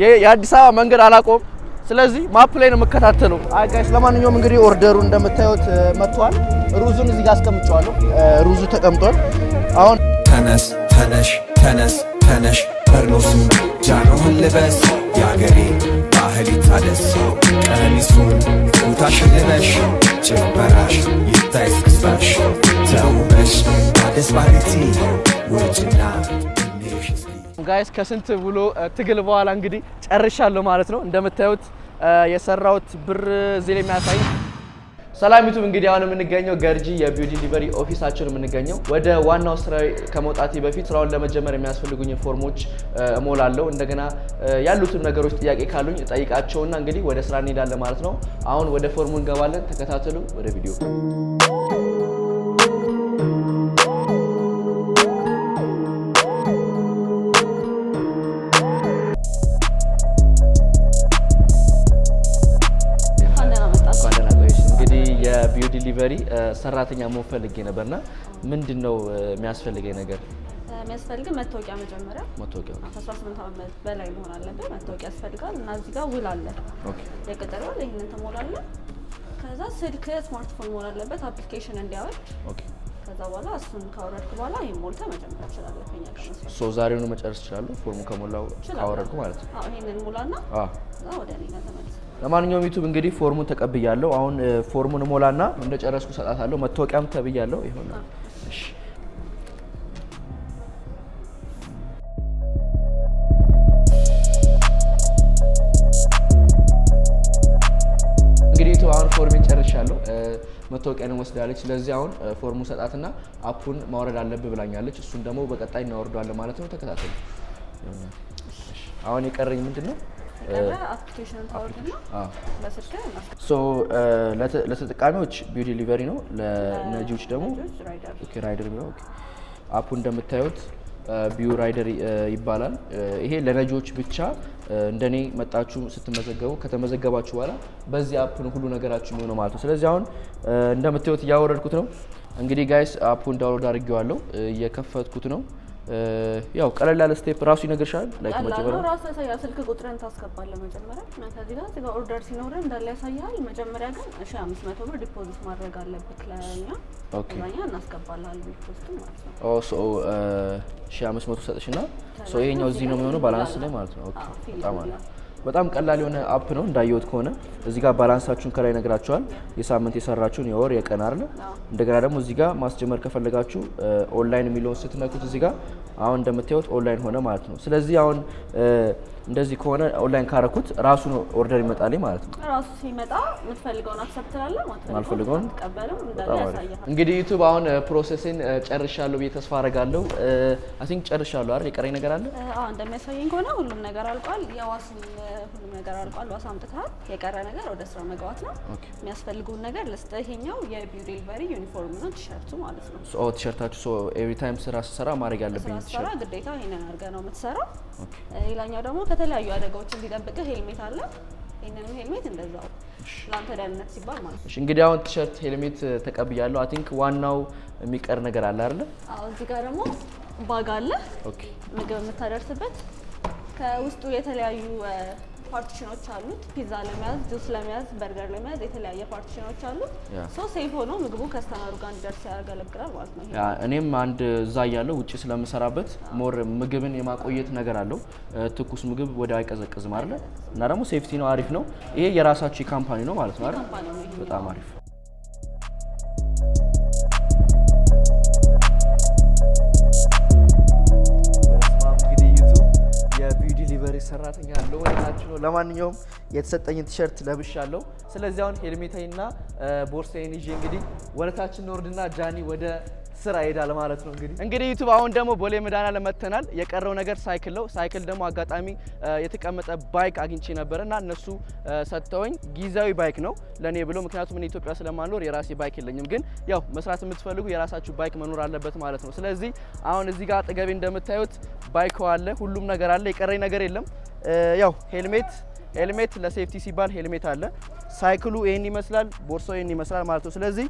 የአዲስ አበባ መንገድ አላቆም። ስለዚህ ማፕ ላይ ነው የምከታተለው። አይ አጋሽ ለማንኛውም እንግዲህ ኦርደሩ እንደምታዩት መጥቷል። ሩዙን እዚህ ጋር አስቀምጨዋለሁ። ሩዙ ተቀምጧል። አሁን ተነስ ተነሽ ተነስ ተነሽ በርኖሱን ጃኖህን ልበስ የአገሬ ባህል ይታደስ ቀሚሱን ቁታሽን ልበሽ ጭበራሽ ይታይ ስክስባሽ ተውበሽ አደስ ባለቲ ውጭና ጋይስ ከስንት ውሎ ትግል በኋላ እንግዲህ ጨርሻለሁ ማለት ነው። እንደምታዩት የሰራሁት ብር እዚህ ላይ የሚያሳይ ሰላም ዩቱብ። እንግዲህ አሁን የምንገኘው ገርጂ የቢዩቲ ዲሊቨሪ ኦፊሳችን የምንገኘው። ወደ ዋናው ስራ ከመውጣቴ በፊት ስራውን ለመጀመር የሚያስፈልጉኝ ፎርሞች እሞላለሁ። እንደገና ያሉትም ነገሮች ጥያቄ ካሉኝ እጠይቃቸውና እንግዲህ ወደ ስራ እንሄዳለን ማለት ነው። አሁን ወደ ፎርሙ እንገባለን። ተከታተሉ። ወደ ቪዲዮ ሰራተኛ መሆን ፈልጌ ነበርና ምንድን ነው የሚያስፈልገኝ ነገር? የሚያስፈልግህ መታወቂያ መጀመሪያ መታወቂያ 18 ዓመት በላይ መሆን አለብህ። መታወቂያ ያስፈልጋል እና እዚህ ጋር ውል አለ የቅጥር ውል። ይህንን ትሞላለህ። ከዛ ስልክ ስማርትፎን መሆን አለበት አፕሊኬሽን እንዲያወርድ ከዛ በኋላ እሱን ካወረድኩ በኋላ ይሄን ሞልተህ መጀመር ትችላለህ። ከኛ ሶ ዛሬውኑ መጨረስ እችላለሁ። ፎርሙ ከሞላው ካወረድኩ ማለት ነው። አዎ ይሄንን ሙላና አዎ ወደ እኔ ጋር ተመለስ ለማንኛውም ዩቱብ እንግዲህ ፎርሙን ተቀብያለሁ። አሁን ፎርሙን ሞላና እንደጨረስኩ ሰጣታለሁ። መታወቂያም ተብያለሁ። ይሆናል። እንግዲህ ዩቱብ አሁን ፎርሜን ጨርሻለሁ። መታወቂያን ወስዳለች። ስለዚህ አሁን ፎርሙ ሰጣትና አፑን ማውረድ አለብ ብላኛለች። እሱን ደግሞ በቀጣይ እናወርደዋለን ማለት ነው። ተከታተሉ። አሁን የቀረኝ ምንድን ነው? ለተጠቃሚዎች ቢዩ ዲሊቨሪ ነው። ለነጂዎች ደግሞ ራይደር የሚለው አፑ እንደምታዩት ቢዩ ራይደር ይባላል። ይሄ ለነጂዎች ብቻ እንደኔ መጣችሁ ስትመዘገቡ ከተመዘገባችሁ በኋላ በዚህ አፕ ሁሉ ነገራችሁ የሚሆነው ማለት ነው። ስለዚህ አሁን እንደምታዩት እያወረድኩት ነው። እንግዲህ ጋይስ አፑን ዳውንሎድ አድርጌዋለሁ፣ እየከፈትኩት ነው። ያው ቀለል ያለ ስቴፕ ራሱ ይነግርሻል። ላይክ መጀመሪያ ነው ራሱ ያሳያል። ስልክ ቁጥርን ታስገባለህ መጀመሪያ እና ከዚህ ጋር እዚህ ጋር ኦርደር ሲኖር እንዳለ ያሳያል። መጀመሪያ ግን እሺ 500 ብር ዲፖዚት ማድረግ አለበት ለኛ። ኦኬ ለኛ እናስገባለን ዲፖዚት ማለት ነው። ኦ ሶ እሺ 500 ሰጥሽና ሶ ይሄኛው እዚህ ነው የሚሆነው ባላንስ ላይ ማለት ነው። ኦኬ በጣም አሪፍ በጣም ቀላል የሆነ አፕ ነው እንዳየወት ከሆነ እዚህ ጋር ባላንሳችሁን ከላይ ነግራችኋል። የሳምንት የሰራችሁን የወር የቀን አለ። እንደገና ደግሞ እዚህ ጋር ማስጀመር ከፈለጋችሁ ኦንላይን የሚለውን ስትነኩት እዚህ ጋር አሁን እንደምታዩት ኦንላይን ሆነ ማለት ነው። ስለዚህ አሁን እንደዚህ ከሆነ ኦንላይን ካረኩት ራሱ ኦርደር ይመጣል ማለት ነው። ራሱ ሲመጣ የምትፈልገውን አክሰፕት ትላለህ፣ ማትፈልገውን አትቀበልም። እንግዲህ ዩቱብ አሁን ፕሮሰሴን ጨርሻለሁ ብዬ ተስፋ አደርጋለሁ። አይ ቲንክ ጨርሻለሁ አይደል? የቀረኝ ነገር አለ? አዎ እንደሚያሳየኝ ከሆነ ሁሉም ነገር አልቋል። የዋስም ሁሉም ነገር አልቋል። ዋስ አምጥተሃል። የቀረ ነገር ወደ ስራ መግባት ነው። የሚያስፈልጉን ነገር ልስጥህ። ይሄኛው የቢው ዴሊቨሪ ዩኒፎርም ነው፣ ቲሸርቱ ማለት ነው። ቲሸርታችሁ ኤቭሪ ታይም ስራ ስሰራ ማድረግ ያለብኝ ግዴታ ይሄንን አድርገህ ነው የምትሰራው ሌላኛው ደግሞ ከተለያዩ አደጋዎች እንዲጠብቅህ ሄልሜት አለ። ይህንንም ሄልሜት እንደዛው ለአንተ ደህንነት ሲባል ማለት ነው። እንግዲህ አሁን ቲሸርት፣ ሄልሜት ተቀብያለሁ። አይ ቲንክ ዋናው የሚቀር ነገር አለ አይደለ? አዎ። እዚህ ጋር ደግሞ ባግ አለ፣ ምግብ የምታደርስበት ከውስጡ የተለያዩ ፓርቲሽኖች አሉት። ፒዛ ለመያዝ፣ ጁስ ለመያዝ፣ በርገር ለመያዝ የተለያየ ፓርቲሽኖች አሉት። ሶ ሴፍ ሆኖ ምግቡ ከስተመሩ ጋር እንዲደርስ ያገለግላል ማለት ነው። እኔም አንድ እዛ እያለሁ ውጭ ስለምሰራበት ሞር ምግብን የማቆየት ነገር አለው። ትኩስ ምግብ ወደ አይቀዘቅዝም አለ እና ደግሞ ሴፍቲ ነው፣ አሪፍ ነው። ይሄ የራሳችሁ ካምፓኒ ነው ማለት ነው። በጣም አሪፍ ሰራተኛ ያለው ነው። ለማንኛውም የተሰጠኝን ቲሸርት ለብሻለሁ። ስለዚህ አሁን ሄልሜታይና ቦርሳዬን ይዤ እንግዲህ ወደታችን እንወርድና ጃኒ ወደ ስራ ይሄዳል ማለት ነው። እንግዲህ እንግዲህ ዩቱብ አሁን ደግሞ ቦሌ መዳና ለመተናል የቀረው ነገር ሳይክል ነው። ሳይክል ደግሞ አጋጣሚ የተቀመጠ ባይክ አግኝቼ ነበረ እና እነሱ ሰጥተውኝ ጊዜያዊ ባይክ ነው ለእኔ ብሎ ምክንያቱም እኔ ኢትዮጵያ ስለማልኖር የራሴ ባይክ የለኝም። ግን ያው መስራት የምትፈልጉ የራሳችሁ ባይክ መኖር አለበት ማለት ነው። ስለዚህ አሁን እዚህ ጋር አጠገቤ እንደምታዩት ባይክ አለ፣ ሁሉም ነገር አለ። የቀረኝ ነገር የለም። ያው ሄልሜት ሄልሜት ለሴፍቲ ሲባል ሄልሜት አለ። ሳይክሉ ይህን ይመስላል፣ ቦርሳው ይህን ይመስላል ማለት ነው። ስለዚህ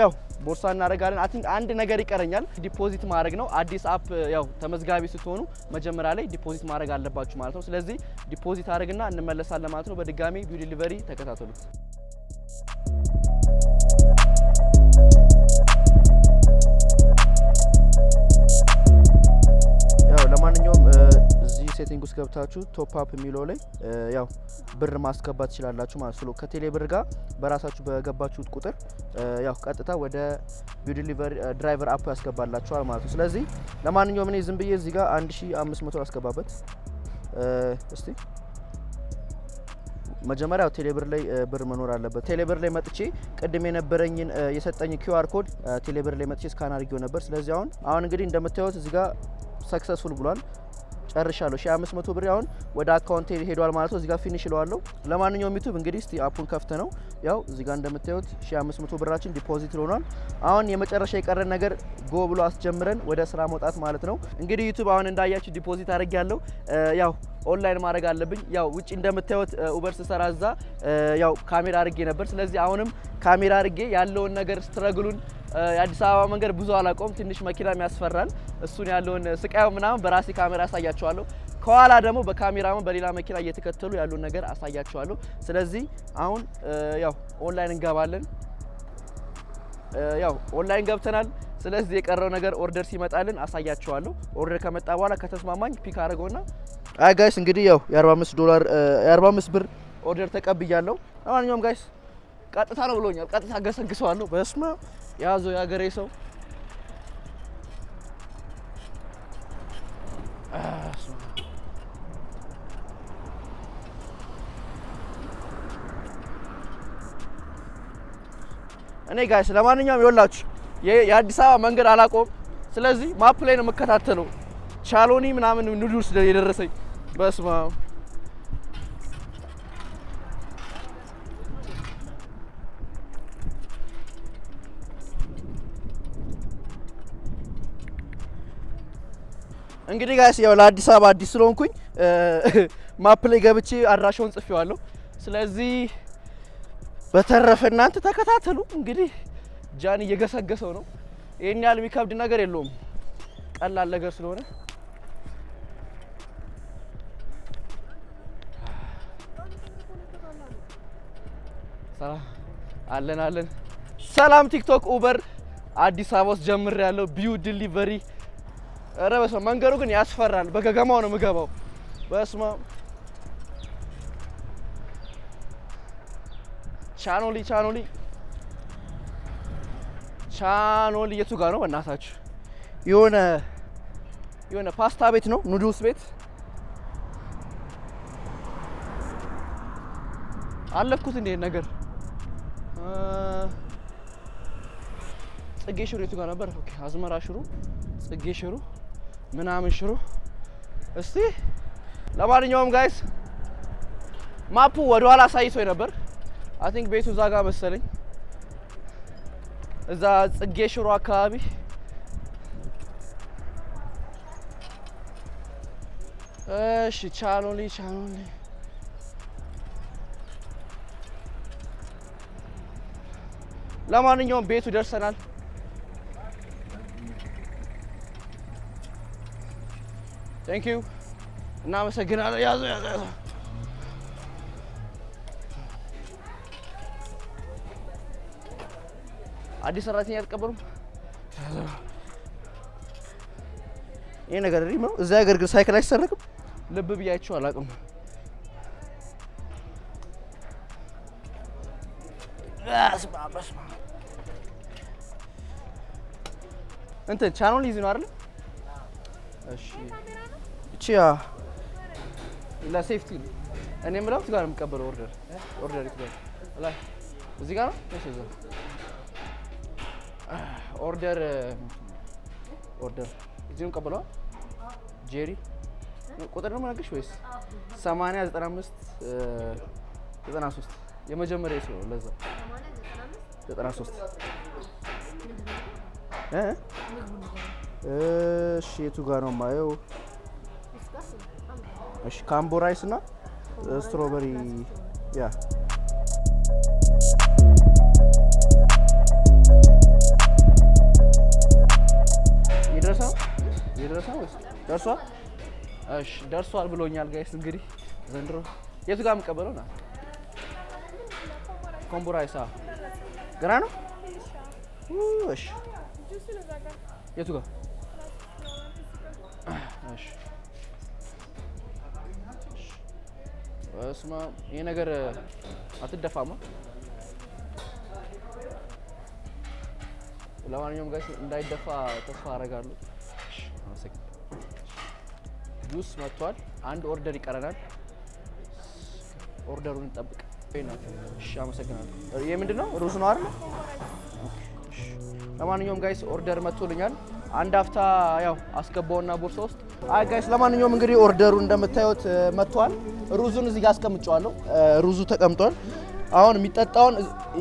ያው ቦርሳ እናደርጋለን። አይ ቲንክ አንድ ነገር ይቀረኛል፣ ዲፖዚት ማድረግ ነው። አዲስ አፕ ያው ተመዝጋቢ ስትሆኑ መጀመሪያ ላይ ዲፖዚት ማድረግ አለባችሁ ማለት ነው። ስለዚህ ዲፖዚት አድርግና እንመለሳለን ማለት ነው። በድጋሚ ቢው ዲሊቨሪ ተከታተሉት። ያው ለማንኛውም ሴቲንግ ውስጥ ገብታችሁ ቶፕ አፕ የሚለው ላይ ያው ብር ማስገባት ትችላላችሁ ማለት ነው። ከቴሌ ብር ጋር በራሳችሁ በገባችሁት ቁጥር ያው ቀጥታ ወደ ቢዩዲሊቨር ድራይቨር አፕ ያስገባላችኋል ማለት ነው። ስለዚህ ለማንኛውም እኔ ዝም ብዬ እዚህ ጋር 1500 አስገባበት እስቲ። መጀመሪያ ቴሌብር ላይ ብር መኖር አለበት። ቴሌብር ላይ መጥቼ ቅድም የነበረኝን የሰጠኝ ኪዩአር ኮድ ቴሌብር ላይ መጥቼ ስካን አድርጌው ነበር። ስለዚህ አሁን አሁን እንግዲህ እንደምታዩት እዚህ ጋር ሰክሰስፉል ብሏል። ጨርሻለሁ። 1500 ብር አሁን ወደ አካውንቴ ሄዷል ማለት ነው። እዚህ ጋር ፊኒሽ እለዋለሁ። ለማንኛውም ዩቱብ እንግዲህ እስቲ አፑን ከፍት ነው ያው እዚህ ጋር እንደምታዩት 1500 ብራችን ዲፖዚት ሆኗል። አሁን የመጨረሻ የቀረን ነገር ጎ ብሎ አስጀምረን ወደ ስራ መውጣት ማለት ነው። እንግዲህ ዩቱብ አሁን እንዳያችሁ ዲፖዚት አድርጌያለሁ። ያው ኦንላይን ማድረግ አለብኝ። ያው ውጭ እንደምታዩት ኡበር ስሰራ እዛ ያው ካሜራ አድርጌ ነበር። ስለዚህ አሁንም ካሜራ አድርጌ ያለውን ነገር ስትረግሉን የአዲስ አበባ መንገድ ብዙ አላቆም፣ ትንሽ መኪናም ያስፈራል። እሱን ያለውን ስቃዩ ምናምን በራሴ ካሜራ ያሳያችኋለሁ። ከኋላ ደግሞ በካሜራማ በሌላ መኪና እየተከተሉ ያሉን ነገር አሳያችኋለሁ። ስለዚህ አሁን ያው ኦንላይን እንገባለን። ያው ኦንላይን ገብተናል። ስለዚህ የቀረው ነገር ኦርደር ሲመጣልን አሳያችኋለሁ። ኦርደር ከመጣ በኋላ ከተስማማኝ ፒክ አድርገውና አይ ጋይስ እንግዲህ ያው የ45 ብር ኦርደር ተቀብያለሁ። ለማንኛውም ጋይስ ቀጥታ ነው ብሎኛል። ቀጥታ ገሰግሰዋለሁ በስማ ያዞ የሀገሬ ሰው እኔ ጋይስ ለማንኛውም ይወላችሁ የአዲስ አበባ መንገድ አላቆም። ስለዚህ ማፕ ላይ ነው የምከታተለው። ቻሎኒ ምናምን ኑዱስ የደረሰኝ በስማ እንግዲህ ጋይስ ያው ለአዲስ አበባ አዲስ ስለሆንኩኝ ማፕ ላይ ገብቼ አድራሻውን ጽፌዋለሁ። ስለዚህ በተረፈ እናንተ ተከታተሉ። እንግዲህ ጃን እየገሰገሰው ነው። ይህን ያህል የሚከብድ ነገር የለውም፣ ቀላል ነገር ስለሆነ አለን አለን። ሰላም ቲክቶክ ኡበር አዲስ አበባ ውስጥ ጀምር ያለው ቢዩ ዲሊቨሪ ኧረ በስመ አብ መንገዱ ግን ያስፈራል። በገገማው ነው የምገባው። በስመ አብ ቻኖሊ ቻኖሊ ቻኖሊ የቱ ጋር ነው በእናታችሁ? የሆነ የሆነ ፓስታ ቤት ነው ኑዱልስ ቤት አለኩት እንዴ ነገር ጽጌ ሽሩ የቱ ጋር ነበር? ኦኬ አዝመራ ሽሩ ጽጌ ሽሩ ምናምን ሽሮ እስቲ ለማንኛውም ጋይስ ማፑ ወደ ኋላ አሳይቶ ነበር። አይ ቲንክ ቤቱ እዛ ጋር መሰለኝ፣ እዛ ጽጌ ሽሮ አካባቢ እሺ ቻሎሊ ቻሎሊ ለማንኛውም ቤቱ ደርሰናል። ቴንክ ዩ እናመሰግናለን። ያዙ ያዙ ያዙ። አዲስ ሰራተኛ አልቀበሉም። ይሄ ነገር ሪም ነው። እዛ ሀገር ግን ሳይክል አይሰረቅም። ልብ ብያችሁ አላውቅም። እንትን ቻናል ይዝ ነው አይደል? ለሴፍቲ እኔ የምለው የት ጋር ነው የምቀበለው? ኦርደር ኦርደር የት ጋር ላይ እዚህ ጋር ነው። እሺ ኦርደር ኦርደር እዚህ ነው የምቀበለው። ጄሪ ቁጥር ነው የምናገርሽ ወይስ 95 93 የመጀመሪያ ሰው ለዛ 93 እሺ የቱ ጋር ነው የማየው? እሺ ካምቦ ራይስ እና ስትሮበሪ ያ ይደርሳል ይደርሳል ወይስ ደርሷል? እሺ ደርሷል ብሎኛል ጋይስ። እንግዲህ ዘንድሮ የቱ ጋር የምቀበለው ና ኮምቦ ራይስ ገና ነው። እሺ የቱ ጋር እሺ እስማ ይሄ ነገር አትደፋማ። ለማንኛውም ጋሽ እንዳይደፋ ተስፋ አደርጋለሁ። ጁስ መጥቷል። አንድ ኦርደር ይቀረናል። ኦርደሩን እንጠብቅ። እሺ፣ አመሰግናለሁ። ይሄ ምንድን ነው? ሩዝ ነው አይደል? ለማንኛውም ጋይስ ኦርደር መጥቶልኛል። አንድ አፍታ ያው አስገባውና ቦርሳ ውስጥ። አይ ጋይስ፣ ለማንኛውም እንግዲህ ኦርደሩ እንደምታዩት መጥቷል። ሩዙን እዚህ ጋር አስቀምጨዋለሁ። ሩዙ ተቀምጧል። አሁን የሚጠጣውን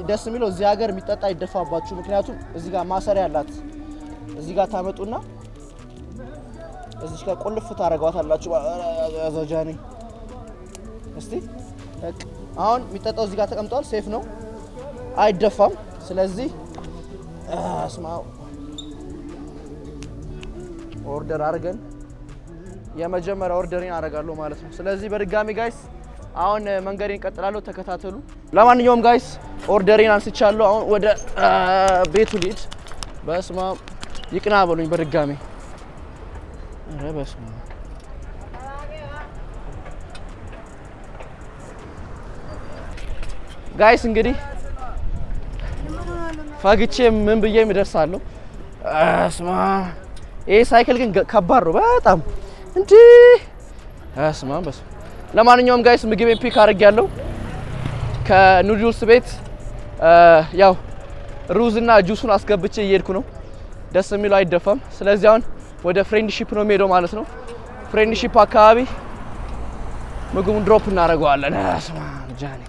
ደስ የሚለው እዚህ ሀገር የሚጠጣ አይደፋባችሁ። ምክንያቱም እዚህ ጋር ማሰሪያ አላት። እዚህ ጋር ታመጡና እዚህ ጋር ቁልፍ ታደርጓታላችሁ። ዘጃኒ እስቲ አሁን የሚጠጣው እዚህ ጋር ተቀምጧል። ሴፍ ነው፣ አይደፋም። ስለዚህ ስማው ኦርደር አድርገን የመጀመሪያ ኦርደሪን አደርጋለሁ ማለት ነው። ስለዚህ በድጋሚ ጋይስ አሁን መንገዴን ቀጥላለሁ፣ ተከታተሉ። ለማንኛውም ጋይስ ኦርደሬን አንስቻለሁ። አሁን ወደ ቤቱ ልሂድ። በስማ ይቅና በሉኝ በድጋሚ በስማ ጋይስ እንግዲህ ፈግቼ ምን ብዬ ምደርሳለሁ። ስማ ይሄ ሳይክል ግን ከባድ ነው በጣም እንዲ አስማ። በስ ለማንኛውም ጋይስ ምግቤን ፒክ አድርግ ያለው ከኑዱልስ ቤት ያው ሩዝ እና ጁሱን አስገብቼ እየሄድኩ ነው። ደስ የሚለው አይደፋም። ስለዚህ አሁን ወደ ፍሬንድሺፕ ነው የሚሄደው ማለት ነው። ፍሬንድሺፕ አካባቢ ምግቡን ድሮፕ እናደርገዋለን። ስማ ጃኒ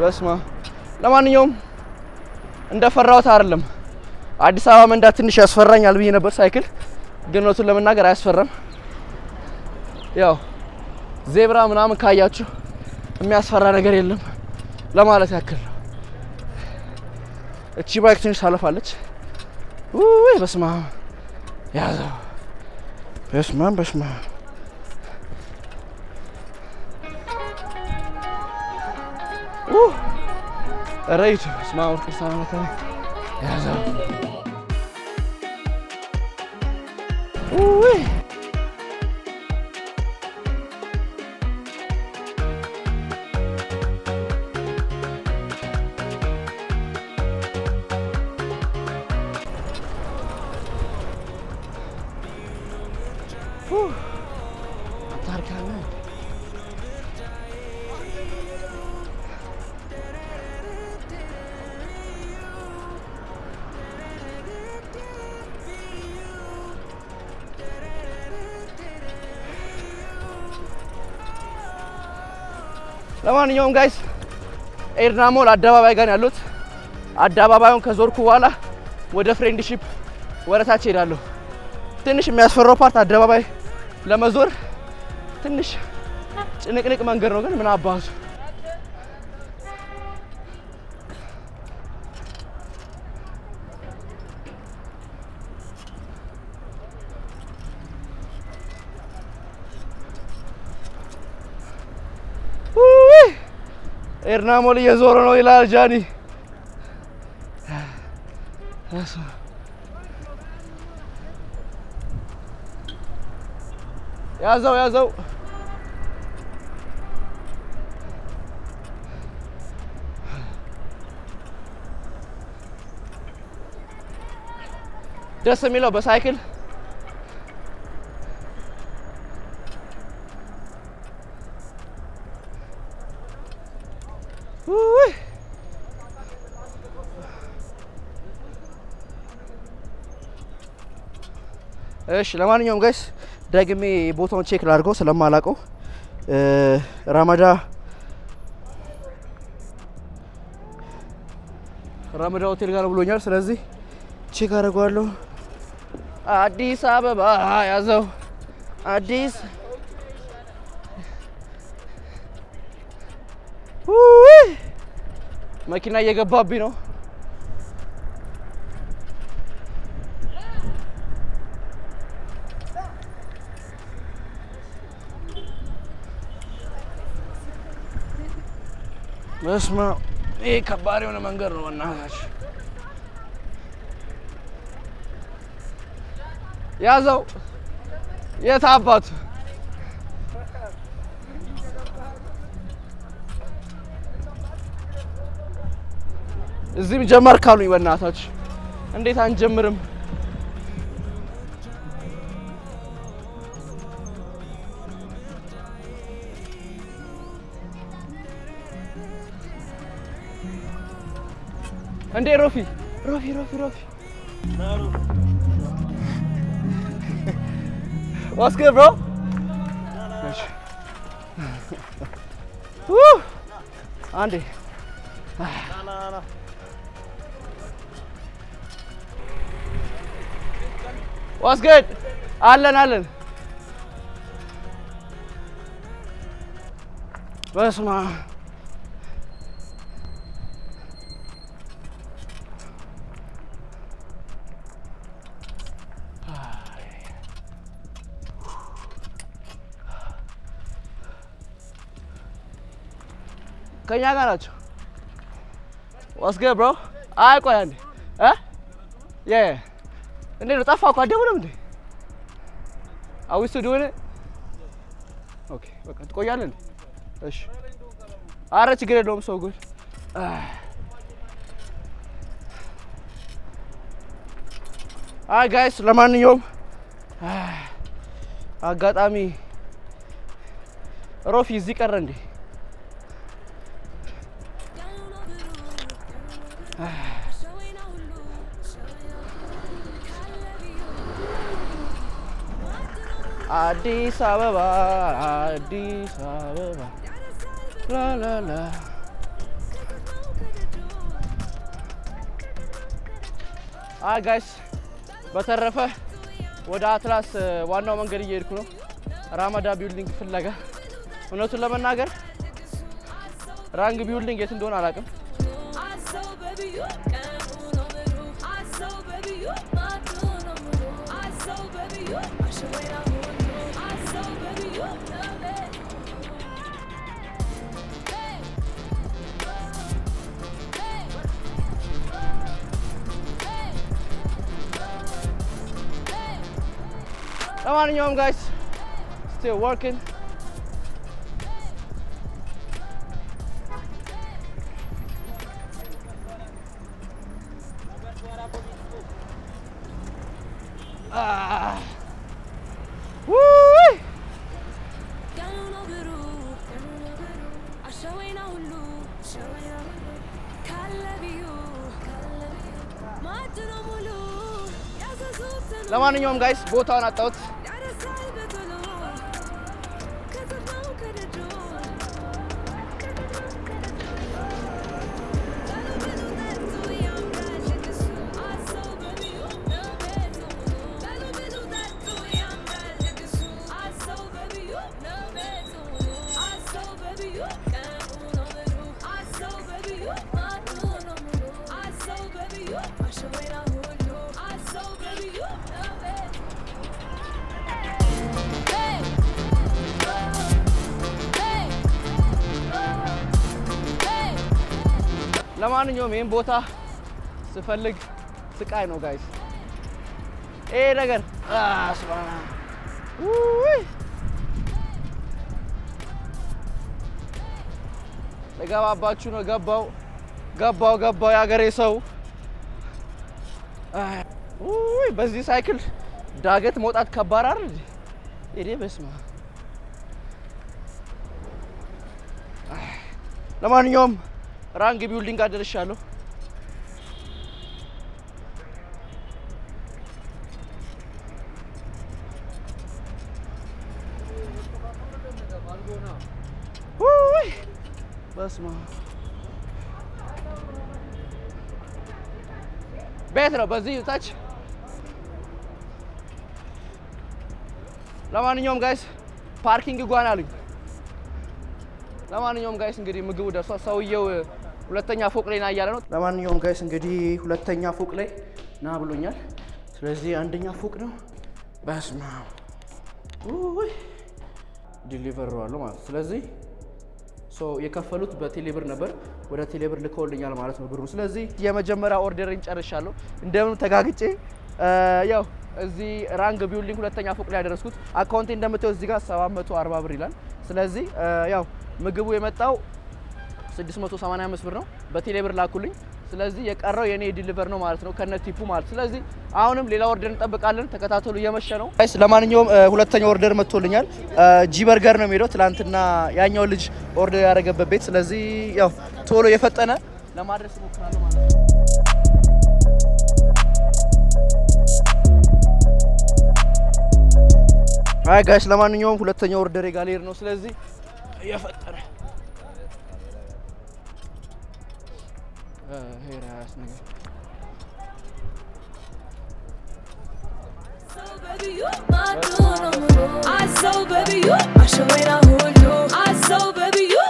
በስማ ለማንኛውም እንደፈራሁት አይደለም። አዲስ አበባ መንዳት ትንሽ ያስፈራኛል ብዬ ነበር። ሳይክል ግንነቱን ለመናገር አያስፈራም። ያው ዜብራ ምናምን ካያችሁ የሚያስፈራ ነገር የለም ለማለት ያክል ነው። እቺ ባይክ ትንሽ ታለፋለች። ውይ በስማ ያዘው። በስመ አብ Reet, smaak is staan oké. Eh, ja zo. Oei! ለማንኛውም ጋይስ ኤድና ሞል አደባባይ ጋር ያሉት አደባባዩን ከዞርኩ በኋላ ወደ ፍሬንድሺፕ ወረታች ሄዳለሁ። ትንሽ የሚያስፈራው ፓርት አደባባይ ለመዞር ትንሽ ጭንቅንቅ መንገድ ነው፣ ግን ምን አባቱ ارنامو لي يزورونو الى الجاني يا زو يا زو ደስ የሚለው እሺ ለማንኛውም ጋይስ ደግሜ ቦታውን ቼክ ላድርገው ስለማላውቀው ራማዳ ራማዳ ሆቴል ጋር ብሎኛል። ስለዚህ ቼክ አደርገዋለሁ። አዲስ አበባ ያዘው አዲስ መኪና እየገባብኝ ነው። በስመ አብ ይሄ ከባድ የሆነ መንገድ ነው። እናታችን ያዘው። የት አባቱ እዚህም ጀመር ካሉኝ በእናታችን እንዴት አንጀምርም? እንዴ ሮፊ ሮፊ ሮፊ ሮፊ ዋስ ጉድ ብሮ አንዴ ዋስ ጉድ አለን አለን በስማ ከእኛ ጋር ናቸው። ወስገ ብሮ አይ ቆይ አንዴ እ የ እንዴት ነው ጠፋህ እኮ አትደውልም እንዴ? አዊሱ ዲሆነ ኦኬ በቃ ትቆያለህ እንዴ? እሺ አረ ችግር የለውም ሰው ጉድ አይ ጋይስ ለማንኛውም አጋጣሚ ሮፊ እዚህ ቀረ እንዴ? አዲስ አበባ አዲስ አበባ ላላላ አይ ጋይስ በተረፈ ወደ አትላስ uh, ዋናው መንገድ እየሄድኩ ነው፣ ራማዳ ቢውልዲንግ ፍለጋ። እውነቱን ለመናገር ራንግ ቢውልዲንግ የት እንደሆነ አላውቅም። Come on in guys. Still working. Ah. Woo! ለማንኛውም ጋይስ ቦታውን አጣሁት። ለማንኛውም ይህን ቦታ ስፈልግ ስቃይ ነው ጋይስ። ይሄ ነገር ልገባባችሁ ነው። ገባው ገባው ገባው የሀገሬ ሰው። በዚህ ሳይክል ዳገት መውጣት ከባድ አይደል? እዴ በስማ ለማንኛውም ራንግ ቢውልዲንግ ጋር ደርሻለሁ። ቤት ነው። በዚህ ታች ለማንኛውም ጋይስ ፓርኪንግ ጓን አሉኝ። ለማንኛውም ጋይስ እንግዲህ ምግቡ ደርሷል ሰውየው ሁለተኛ ፎቅ ላይ ና እያለ ነው። ለማንኛውም ጋይስ እንግዲህ ሁለተኛ ፎቅ ላይ ና ብሎኛል። ስለዚህ አንደኛ ፎቅ ነው። በስማ ዲሊቨር አለው ማለት ነው። ስለዚህ የከፈሉት በቴሌብር ነበር። ወደ ቴሌብር ልከውልኛል ማለት ነው ብሩ። ስለዚህ የመጀመሪያ ኦርደርን ጨርሻለሁ። እንደምን ተጋግጬ ያው እዚህ ራንግ ቢውልዲንግ ሁለተኛ ፎቅ ላይ ያደረስኩት አካውንቴ እንደምታየው እዚህ ጋር 740 ብር ይላል። ስለዚህ ያው ምግቡ የመጣው 685 ብር ነው። በቴሌብር ላኩልኝ። ስለዚህ የቀረው የኔ ዲሊቨር ነው ማለት ነው ከነ ቲፑ ማለት። ስለዚህ አሁንም ሌላ ኦርደር እንጠብቃለን። ተከታተሉ፣ እየመሸ ነው ጋይስ። ለማንኛውም ሁለተኛው ኦርደር መጥቶልኛል። ጂ በርገር ነው የሚሄደው ትናንትና ያኛው ልጅ ኦርደር ያደረገበት ቤት። ስለዚህ ያው ቶሎ የፈጠነ ለማድረስ እሞክራለሁ ማለት ነው። አይ ጋይስ፣ ለማንኛውም ሁለተኛው ኦርደር የጋሌር ነው። ስለዚህ እየፈጠረ uh, hate ass nigga. I so baby you, I show when I hold you. I so baby you.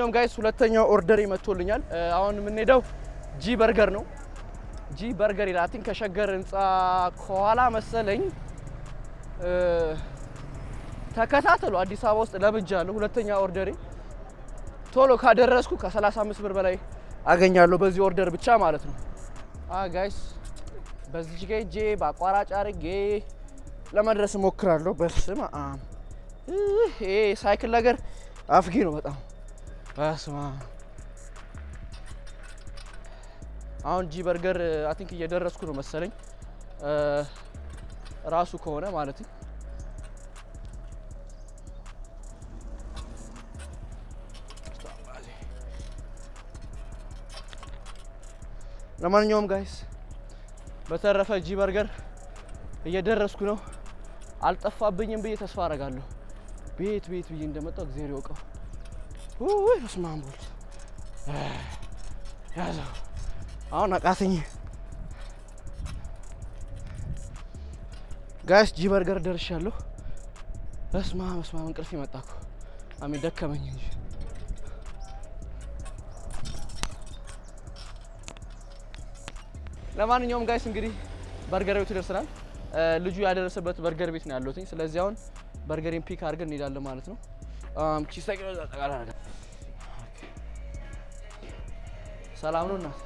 ለማንኛውም ጋይስ ሁለተኛው ኦርደር ይመቶልኛል። አሁን የምንሄደው ጂ በርገር ነው። ጂ በርገር ይላል። አይ ከሸገር ህንፃ ከኋላ መሰለኝ። ተከታተሉ። አዲስ አበባ ውስጥ ለምጃለሁ። ሁለተኛ ኦርደሬ ቶሎ ካደረስኩ ከ35 ብር በላይ አገኛለሁ በዚህ ኦርደር ብቻ ማለት ነው። ጋይስ በዚህ ጋ በአቋራጭ አርጌ ለመድረስ እሞክራለሁ። በስመ አብ ይሄ ሳይክል ነገር አፍጊ ነው በጣም ስማ አሁን ጂ በርገር አይ ቲንክ እየደረስኩ ነው መሰለኝ ራሱ ከሆነ ማለት ለማንኛውም ጋይስ በተረፈ ጂ በርገር እየደረስኩ ነው። አልጠፋብኝም ብዬ ተስፋ አረጋለሁ። ቤት ቤት ብዬ እንደመጣው እግዚአብሔር ይወቀው። ውይ በስመ አብ ወልድ ያዘው። አሁን አቃተኝ ጋይስ። ጂ በርገር ደርሻለሁ። በስመ አብ በስመ አብ እንቅልፍ ይመጣኩ አሚ ደከመኝ እንጂ ለማንኛውም ጋይስ እንግዲህ በርገር ቤቱ ይደርሰናል። ልጁ ያደረሰበት በርገር ቤት ነው ያለሁት። ስለዚህ አሁን በርገሬን ፒክ አድርገን እንሄዳለን ማለት ነው። ሰላም ነው እናት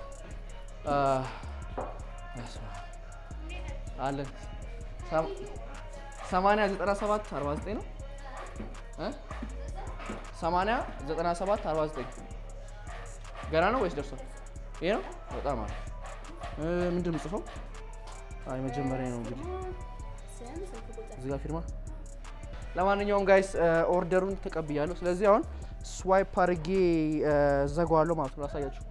አለን። ሰማንያ ዘጠና ሰባት አርባ ዘጠኝ ነው። ሰማንያ ዘጠና ሰባት አርባ ዘጠኝ ገና ነው ወይስ ደርሷል? ይሄ ነው። በጣም አሪፍ። ምንድን ነው የምጽፈው? አይ መጀመሪያ ነው እንግዲህ እዚህ ጋር ፊርማ። ለማንኛውም ጋይስ ኦርደሩን ተቀብያለሁ። ስለዚህ አሁን ስዋይፕ አድርጌ ዘጋዋለሁ ማለት ነው ላሳያችሁ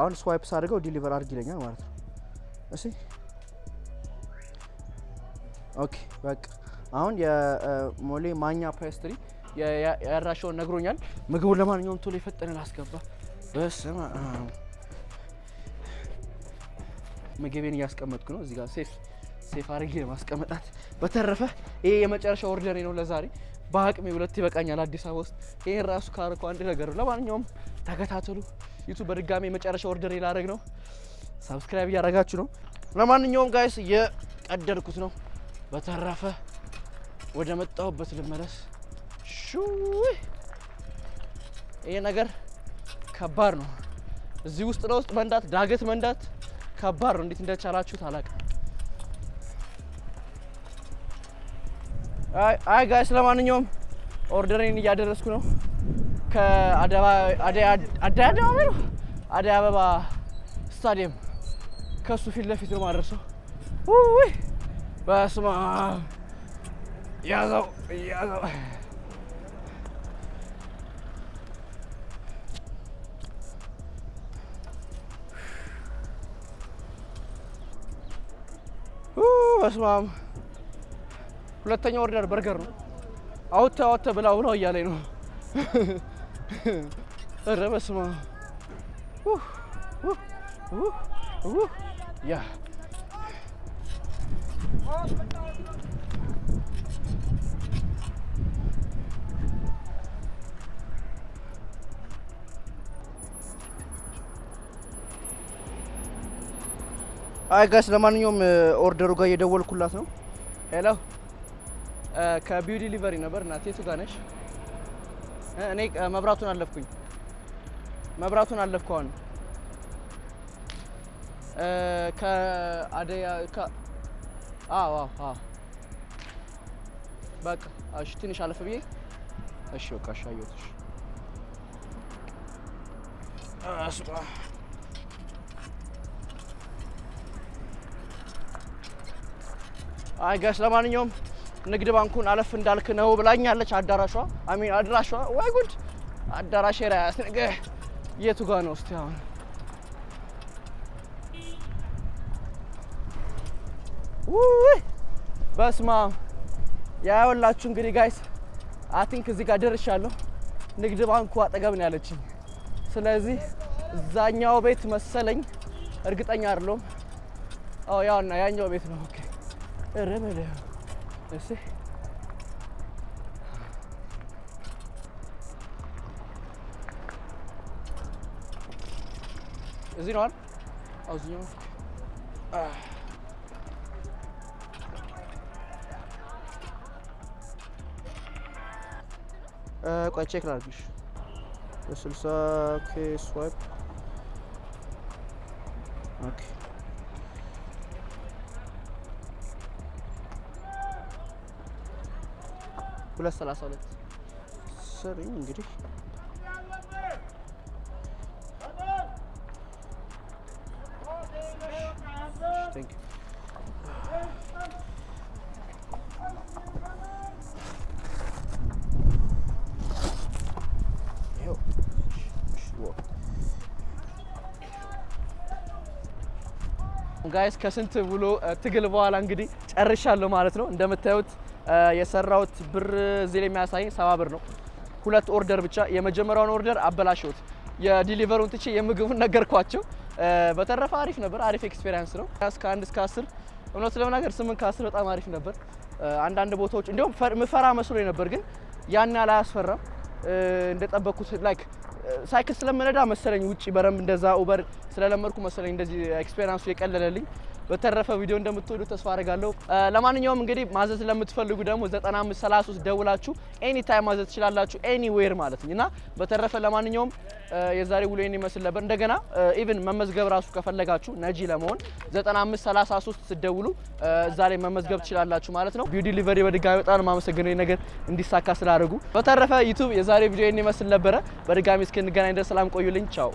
አሁን ስዋይፕ ሳድርገው ዲሊቨር አድርግ ይለኛል ማለት ነው። እሺ ኦኬ በቃ አሁን የሞሌ ማኛ ፓስትሪ ያራሸውን ነግሮኛል። ምግቡን ለማንኛውም ቶሎ የፈጠነ ላስገባ። በስመ አብ ምግቤን እያስቀመጥኩ ነው እዚህ ጋር ሴፍ ሴፍ አድርጌ ለማስቀመጣት። በተረፈ ይሄ የመጨረሻ ኦርደሬ ነው ለዛሬ። በአቅሜ ሁለት ይበቃኛል አዲስ አበባ ውስጥ ይህን ራሱ ካርኮ አንድ ነገር ነው። ለማንኛውም ተከታተሉ። ዩቱብ በድጋሚ መጨረሻ ኦርደር ላደርግ ነው። ሰብስክራይብ እያደረጋችሁ ነው። ለማንኛውም ጋይስ እየቀደልኩት ነው። በተረፈ ወደ መጣሁበት ልመለስ። ሹ ይሄ ነገር ከባድ ነው። እዚህ ውስጥ ለውስጥ መንዳት ዳገት መንዳት ከባድ ነው። እንዴት እንደቻላችሁት ታላቅ አይ ጋይስ፣ ለማንኛውም ኦርደሬን እያደረስኩ ነው። ከአደይ አደባባይ ነው፣ አደይ አበባ ስታዲየም ከሱ ፊት ለፊት ነው ማድረሰው። ውይ በስመ አብ ያዘው ያዘው። በስመ አብ ሁለተኛው ኦርደር በርገር ነው። አውተ አውተ ብላ ብላ እያለኝ ነው። ኧረ በስመ አብ ያ አይ ጋስ ለማንኛውም ኦርደሩ ጋር እየደወልኩላት ነው። ሄሎ ከቢዩ ዲሊቨሪ ነበር። እናቴ የቱ ጋር ነሽ? እኔ መብራቱን አለፍኩኝ፣ መብራቱን አለፍኩ። አሁን ከአደያ ከ አዎ፣ አዎ፣ በቃ እሺ፣ ትንሽ አለፍ ብዬ እሺ፣ በቃ እሺ፣ አየሁትሽ። አይ ጋሽ፣ ለማንኛውም ንግድ ባንኩን አለፍ እንዳልክ ነው ብላኛለች። አዳራሿ አሚን አድራሿ። ወይ ጉድ አዳራሽ ራያስ ነገ የቱ ጋ ነው? እስቲ አሁን ውይ በስማ ያወላችሁ እንግዲህ ጋይስ አቲንክ እዚህ ጋር ደርሻለሁ። ንግድ ባንኩ አጠገብ ነው ያለችኝ። ስለዚህ እዛኛው ቤት መሰለኝ እርግጠኛ አይደለሁም። አዎ ያውና ያኛው ቤት ነው። ኦኬ እረ በለው ماشي Is it on? Oh, ah. uh, is it on? Ah. آه قاعد تشيك نعرفش بس لسا اوكي سوايب اوكي ሁለት ሰላሳ ሁለት ስሪኝ እንግዲህ ጋይስ ከስንት ውሎ ትግል በኋላ እንግዲህ ጨርሻለሁ ማለት ነው እንደምታዩት የሰራሁት ብር እዚህ ላይ የሚያሳየኝ ሰባ ብር ነው። ሁለት ኦርደር ብቻ የመጀመሪያውን ኦርደር አበላሸሁት። የዲሊቨሩን ትቼ የምግቡን ነገርኳቸው። በተረፈ አሪፍ ነበር። አሪፍ ኤክስፔሪያንስ ነው። እስከ አንድ እስከ አስር እውነት ለመናገር ስምንት ከአስር በጣም አሪፍ ነበር። አንዳንድ ቦታዎች እንዲሁም ምፈራ መስሎኝ ነበር፣ ግን ያን ያህል አያስፈራም። እንደጠበቅኩት ላይክ ሳይክል ስለምነዳ መሰለኝ ውጭ በረንብ እንደዛ ኡበር ስለለመድኩ መሰለኝ እንደዚህ ኤክስፔሪያንሱ የቀለለልኝ በተረፈ ቪዲዮ እንደምትወዱ ተስፋ አደርጋለሁ። ለማንኛውም እንግዲህ ማዘዝ ለምትፈልጉ ደግሞ 9533 ደውላችሁ ኤኒ ታይም ማዘዝ ትችላላችሁ፣ ኤኒዌር ማለት ነው እና በተረፈ ለማንኛውም የዛሬ ውሎ ይህን ይመስል ነበር። እንደገና ኢቭን መመዝገብ ራሱ ከፈለጋችሁ ነጂ ለመሆን 9533 ስትደውሉ እዛ ላይ መመዝገብ ትችላላችሁ ማለት ነው። ቢዩ ዲሊቨሪ በድጋሚ በጣም ማመሰግነው ነገር እንዲሳካ ስላደረጉ። በተረፈ ዩቱብ የዛሬ ቪዲዮ ይህን ይመስል ነበረ። በድጋሚ እስክንገናኝ ድረስ ሰላም ቆዩልኝ። ቻው